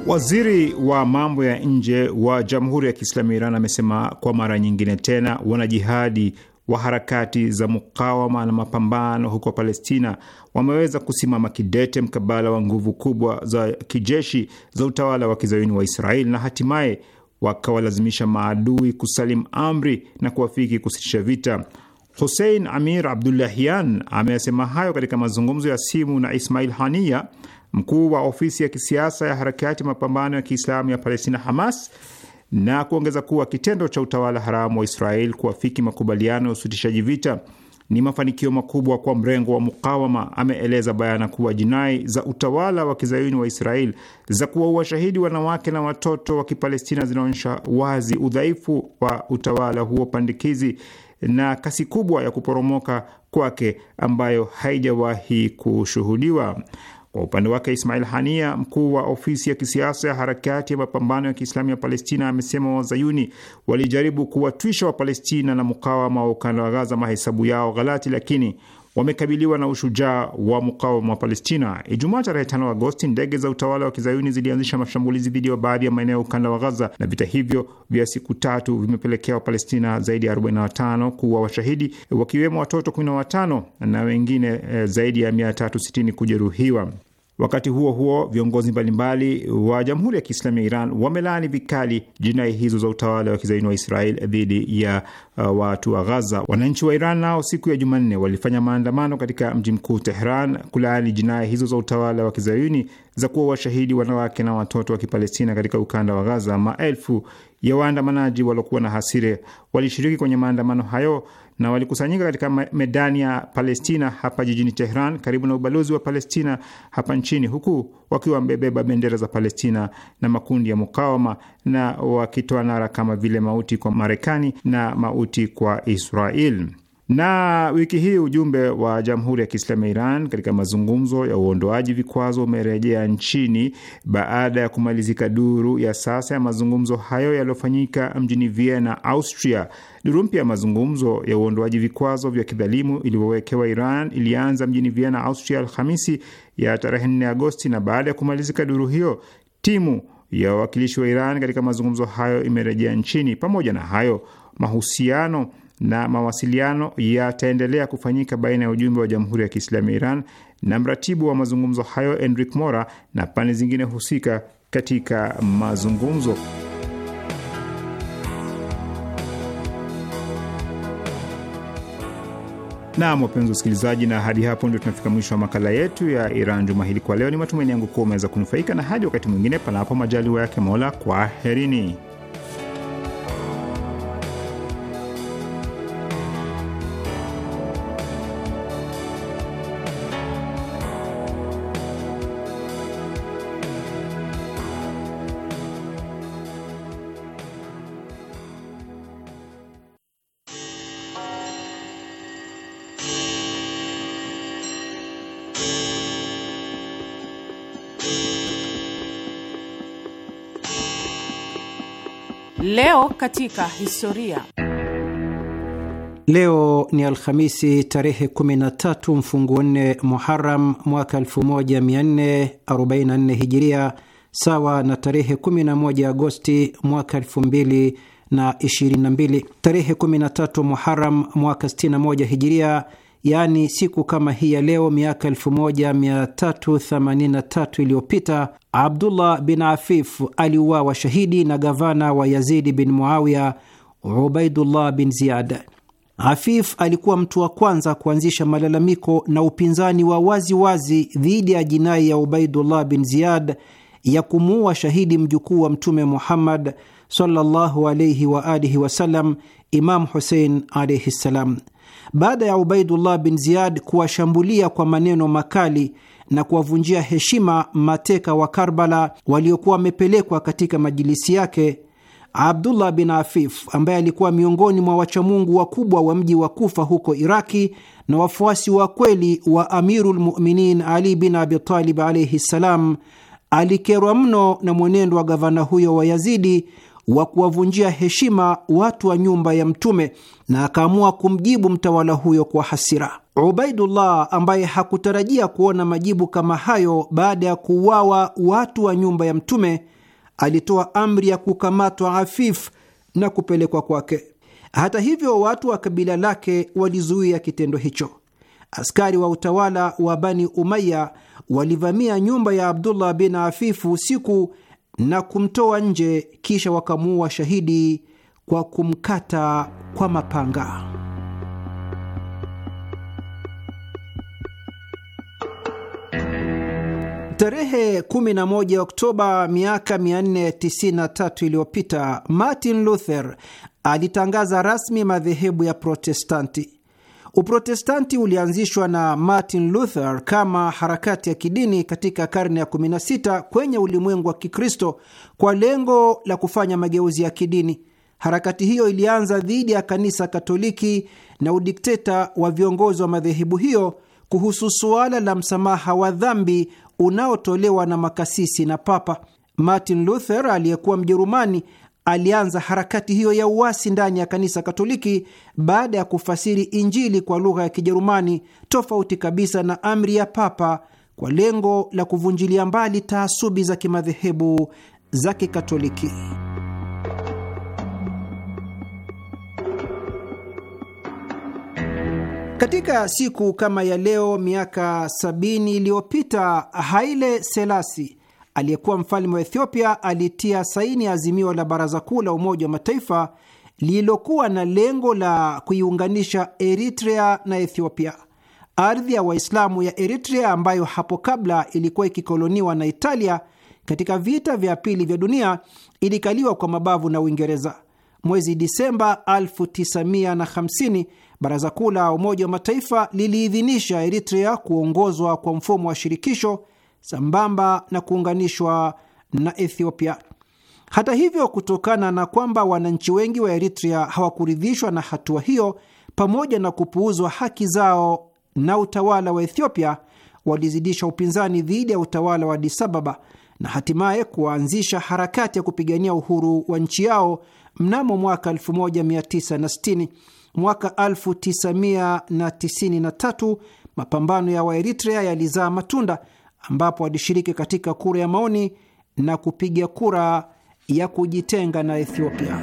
Waziri wa mambo ya nje wa Jamhuri ya Kiislamu Iran amesema kwa mara nyingine tena wanajihadi wa harakati za mukawama na mapambano huko Palestina wameweza kusimama kidete mkabala wa nguvu kubwa za kijeshi za utawala wa kizayuni wa Israeli na hatimaye wakawalazimisha maadui kusalim amri na kuwafiki kusitisha vita. Hussein Amir Abdullahian ameyasema hayo katika mazungumzo ya simu na Ismail Haniya mkuu wa ofisi ya kisiasa ya harakati mapambano ya Kiislamu ya Palestina, Hamas, na kuongeza kuwa kitendo cha utawala haramu wa Israel kuafiki makubaliano ya usitishaji vita ni mafanikio makubwa kwa mrengo wa mukawama. Ameeleza bayana kuwa jinai za utawala wa kizayuni wa Israel za kuwaua shahidi wanawake na watoto wa Kipalestina zinaonyesha wazi udhaifu wa utawala huo pandikizi na kasi kubwa ya kuporomoka kwake ambayo haijawahi kushuhudiwa. Kwa upande wake Ismail Hania, mkuu wa ofisi ya kisiasa ya harakati ya mapambano ya Kiislamu ya Palestina, amesema wazayuni walijaribu kuwatwisha Wapalestina na mukawama wa ukanda wa Gaza mahesabu yao ghalati, lakini wamekabiliwa na ushujaa wa mukawama wa Palestina. Ijumaa tarehe 5 Agosti, ndege za utawala wa kizayuni zilianzisha mashambulizi dhidi ya baadhi ya maeneo ya ukanda wa Ghaza, na vita hivyo vya siku tatu vimepelekea Wapalestina zaidi ya 45 kuwa washahidi, wakiwemo watoto 15 na wengine eh, zaidi ya 360 kujeruhiwa. Wakati huo huo, viongozi mbalimbali wa Jamhuri ya Kiislamu ya Iran wamelaani vikali jinai hizo za utawala wa kizaini wa Israel dhidi ya uh, watu wa Ghaza. Wananchi wa Iran nao siku ya Jumanne walifanya maandamano katika mji mkuu Tehran kulaani jinai hizo za utawala wa kizaini za kuwa washahidi wanawake na watoto wa Kipalestina katika ukanda wa Ghaza. Maelfu ya waandamanaji waliokuwa na hasire walishiriki kwenye maandamano hayo na walikusanyika katika medani ya Palestina hapa jijini Tehran, karibu na ubalozi wa Palestina hapa nchini, huku wakiwa wamebeba bendera za Palestina na makundi ya mukawama na wakitoa nara kama vile mauti kwa Marekani na mauti kwa Israel. Na wiki hii ujumbe wa Jamhuri ya Kiislamu ya Iran katika mazungumzo ya uondoaji vikwazo umerejea nchini baada ya kumalizika duru ya sasa ya mazungumzo hayo yaliyofanyika mjini Vienna, Austria Duru mpya ya mazungumzo ya uondoaji vikwazo vya kidhalimu ilivyowekewa Iran ilianza mjini Vienna, Austria, Alhamisi ya tarehe 4 Agosti, na baada ya kumalizika duru hiyo timu ya wawakilishi wa Iran katika mazungumzo hayo imerejea nchini. Pamoja na hayo, mahusiano na mawasiliano yataendelea kufanyika baina ya ujumbe wa Jamhuri ya Kiislamu ya Iran na mratibu wa mazungumzo hayo Enrique Mora na pande zingine husika katika mazungumzo. Naam, wapenzi wasikilizaji, na hadi hapo ndio tunafika mwisho wa makala yetu ya Iran juma hili kwa leo. Ni matumaini yangu kuwa umeweza kunufaika, na hadi wakati mwingine, panapo majaliwa yake Mola, kwaherini. Leo katika historia. Leo ni Alhamisi tarehe 13 mfunguo nne Muharam mwaka 1444 Hijiria, sawa na tarehe 11 Agosti mwaka 22 Tarehe 13 Muharam mwaka 61 Hijiria yaani siku kama hii ya leo miaka 1383 iliyopita, Abdullah bin Afif aliuawa shahidi na gavana wa Yazidi bin Muawiya, Ubaidullah bin Ziyad. Afif alikuwa mtu wa kwanza kuanzisha malalamiko na upinzani wa wazi wazi dhidi ya jinai ya Ubaidullah bin Ziyad ya kumuua shahidi mjukuu wa Mtume Muhammad sallallahu alaihi wa alihi wasallam, Imam Husein alaihi ssalam baada ya Ubaidullah bin Ziyad kuwashambulia kwa maneno makali na kuwavunjia heshima mateka wa Karbala waliokuwa wamepelekwa katika majilisi yake. Abdullah bin Afif ambaye alikuwa miongoni mwa wachamungu wakubwa wa mji wa Kufa huko Iraki na wafuasi wa kweli wa Amirul Muminin Ali bin Abitalib alaihi ssalam, alikerwa mno na mwenendo wa gavana huyo wa Yazidi wa kuwavunjia heshima watu wa nyumba ya Mtume, na akaamua kumjibu mtawala huyo kwa hasira. Ubaidullah ambaye hakutarajia kuona majibu kama hayo baada ya kuuawa watu wa nyumba ya Mtume, alitoa amri ya kukamatwa Afif na kupelekwa kwake. Hata hivyo, watu wa kabila lake walizuia kitendo hicho. Askari wa utawala wa Bani Umaya walivamia nyumba ya Abdullah bin Afifu usiku na kumtoa nje, kisha wakamuua shahidi kwa kumkata kwa mapanga. Tarehe 11 Oktoba miaka 493 iliyopita Martin Luther alitangaza rasmi madhehebu ya Protestanti. Uprotestanti ulianzishwa na Martin Luther kama harakati ya kidini katika karne ya 16 kwenye ulimwengu wa Kikristo kwa lengo la kufanya mageuzi ya kidini. Harakati hiyo ilianza dhidi ya kanisa Katoliki na udikteta wa viongozi wa madhehebu hiyo kuhusu suala la msamaha wa dhambi unaotolewa na makasisi na papa. Martin Luther aliyekuwa Mjerumani alianza harakati hiyo ya uasi ndani ya kanisa Katoliki baada ya kufasiri Injili kwa lugha ya Kijerumani, tofauti kabisa na amri ya Papa, kwa lengo la kuvunjilia mbali taasubi za kimadhehebu za Kikatoliki. Katika siku kama ya leo miaka sabini iliyopita Haile Selasi aliyekuwa mfalme wa Ethiopia alitia saini azimio la Baraza Kuu la Umoja wa Mataifa lililokuwa na lengo la kuiunganisha Eritrea na Ethiopia. Ardhi ya Waislamu ya Eritrea ambayo hapo kabla ilikuwa ikikoloniwa na Italia katika vita vya pili vya dunia ilikaliwa kwa mabavu na Uingereza. Mwezi Disemba 1950 Baraza Kuu la Umoja wa Mataifa liliidhinisha Eritrea kuongozwa kwa mfumo wa shirikisho sambamba na kuunganishwa na Ethiopia. Hata hivyo, kutokana na kwamba wananchi wengi wa Eritrea hawakuridhishwa na hatua hiyo, pamoja na kupuuzwa haki zao na utawala wa Ethiopia, walizidisha upinzani dhidi ya utawala wa Addis Ababa na hatimaye kuanzisha harakati ya kupigania uhuru wa nchi yao mnamo mwaka 1960. Mwaka 1993 mapambano ya Waeritrea yalizaa matunda ambapo alishiriki katika kura ya maoni na kupiga kura ya kujitenga na Ethiopia.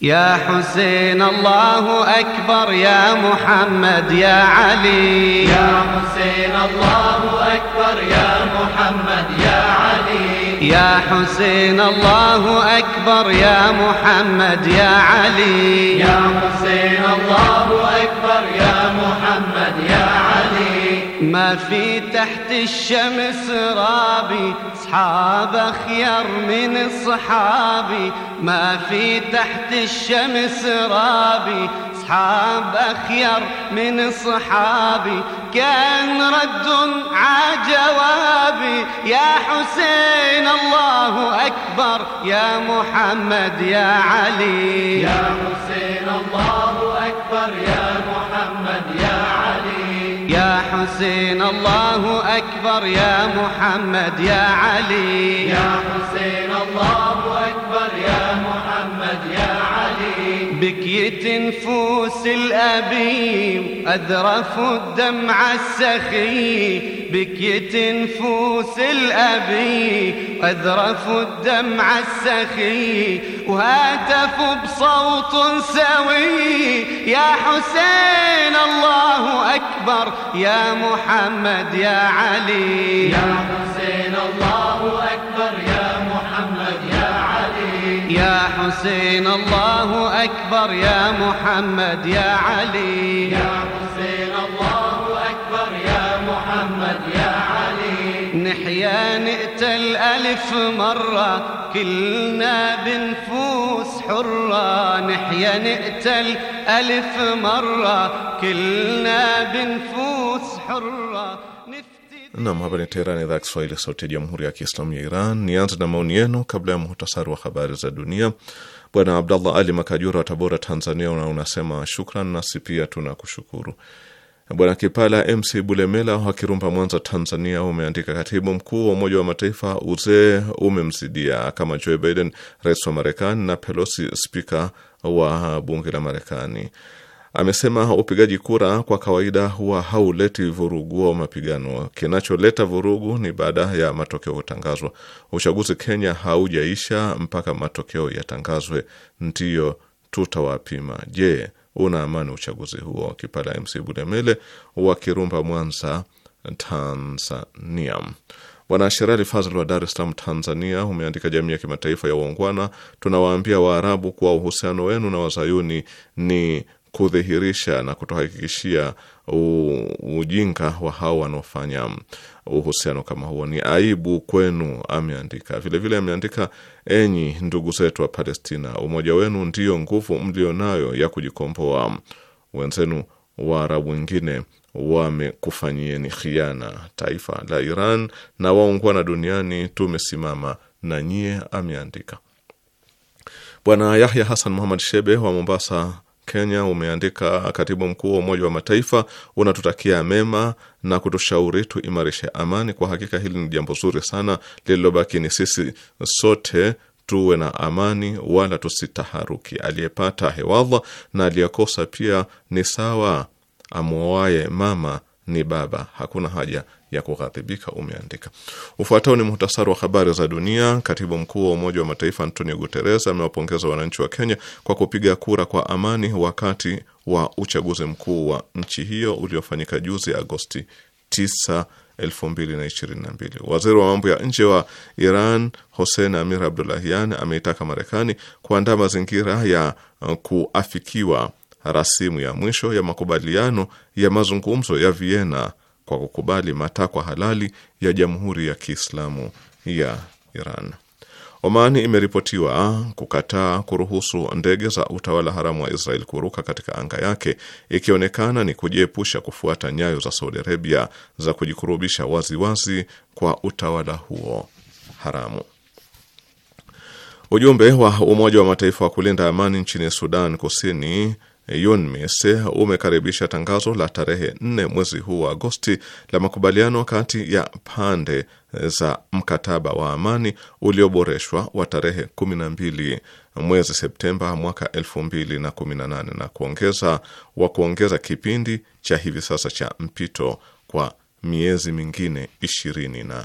Ya Hussein, Allahu akbar, ya Muhammad, ya Ali. Ya Hussein, Allahu akbar, ya Muhammad, ya Ali. يا حسين الله أكبر يا محمد يا علي يا حسين الله أكبر يا محمد يا علي ما في تحت الشمس رابي صحاب خير من صحابي ما في تحت الشمس رابي أصحاب أخير من صحابي كان رد ع جوابي يا حسين الله أكبر يا محمد يا علي يا حسين الله أكبر يا محمد يا علي يا حسين الله أكبر يا محمد يا علي يا حسين الله بكيت نفوس الأبي أذرف الدمع السخي بكيت نفوس الأبي أذرف الدمع السخي وهتف بصوت سوي يا حسين الله أكبر يا محمد يا علي يا حسين الله أكبر حسين الله أكبر يا محمد يا علي يا حسين الله أكبر يا محمد يا علي نحيا نئتى الألف مرة كلنا بنفوس حرة نحيا نئتى الألف مرة كلنا بنفوس حرة Nam, hapa ni Teherani, idhaa ya Kiswahili, sauti ya jamhuri ya kiislamu ya Iran. Nianze na maoni yenu kabla ya muhtasari wa habari za dunia. Bwana Abdallah Ali Makajura wa Tabora, Tanzania, na unasema shukran, nasi pia tuna kushukuru Bwana Kipala MC Bulemela wa Kirumba, Mwanza, Tanzania, umeandika katibu mkuu wa Umoja wa Mataifa uzee umemzidia kama Joe Biden rais wa Marekani na Pelosi spika wa bunge la Marekani. Amesema upigaji kura kwa kawaida huwa hauleti vurugu au mapigano. Kinacholeta vurugu ni baada ya matokeo kutangazwa. Uchaguzi Kenya haujaisha mpaka matokeo yatangazwe, ndiyo tutawapima. Je, una amani uchaguzi huo? Kipala MC Bulemele wa Kirumba, Mwanza, Tanzania. Bwana Sherali Fazl wa Dar es Salaam, Tanzania, umeandika jamii ya kimataifa ya uongwana tunawaambia Waarabu kuwa uhusiano wenu na wazayuni ni kudhihirisha na kutohakikishia ujinga wa hao wanaofanya uhusiano kama huo. Ni aibu kwenu, ameandika. Vilevile ameandika, enyi ndugu zetu wa Palestina, umoja wenu ndiyo nguvu mlionayo ya kujikomboa. Wenzenu Waarabu wengine wamekufanyieni khiana. Taifa la Iran na waungwana duniani tumesimama na nyie, ameandika Bwana Yahya Hassan Muhammad Shebe wa Mombasa Kenya umeandika, katibu mkuu wa Umoja wa Mataifa unatutakia mema na kutushauri tuimarishe amani. Kwa hakika hili ni jambo zuri sana, lililobaki ni sisi sote tuwe na amani, wala tusitaharuki. Aliyepata hewala na aliyekosa pia ni sawa, amuoaye mama ni baba. Hakuna haja ya kughadhibika umeandika. Ufuatao ni muhtasari wa habari za dunia. Katibu mkuu wa Umoja wa Mataifa Antonio Guterres amewapongeza wananchi wa Kenya kwa kupiga kura kwa amani wakati wa uchaguzi mkuu wa nchi hiyo uliofanyika juzi Agosti 9, 2022. Waziri wa mambo ya nje wa Iran Hossein Amir Abdollahian ameitaka Marekani kuandaa mazingira ya kuafikiwa rasimu ya mwisho ya makubaliano ya mazungumzo ya Vienna kwa kukubali matakwa halali ya Jamhuri ya Kiislamu ya Iran. Oman imeripotiwa kukataa kuruhusu ndege za utawala haramu wa Israel kuruka katika anga yake, ikionekana ni kujiepusha kufuata nyayo za Saudi Arabia za kujikurubisha waziwazi kwa utawala huo haramu. Ujumbe wa Umoja wa Mataifa wa kulinda amani nchini Sudan Kusini UNMISS umekaribisha tangazo la tarehe 4 mwezi huu wa Agosti la makubaliano kati ya pande za mkataba wa amani ulioboreshwa wa tarehe 12 mwezi Septemba mwaka 2018 na kuongeza wa kuongeza kipindi cha hivi sasa cha mpito kwa miezi mingine 24.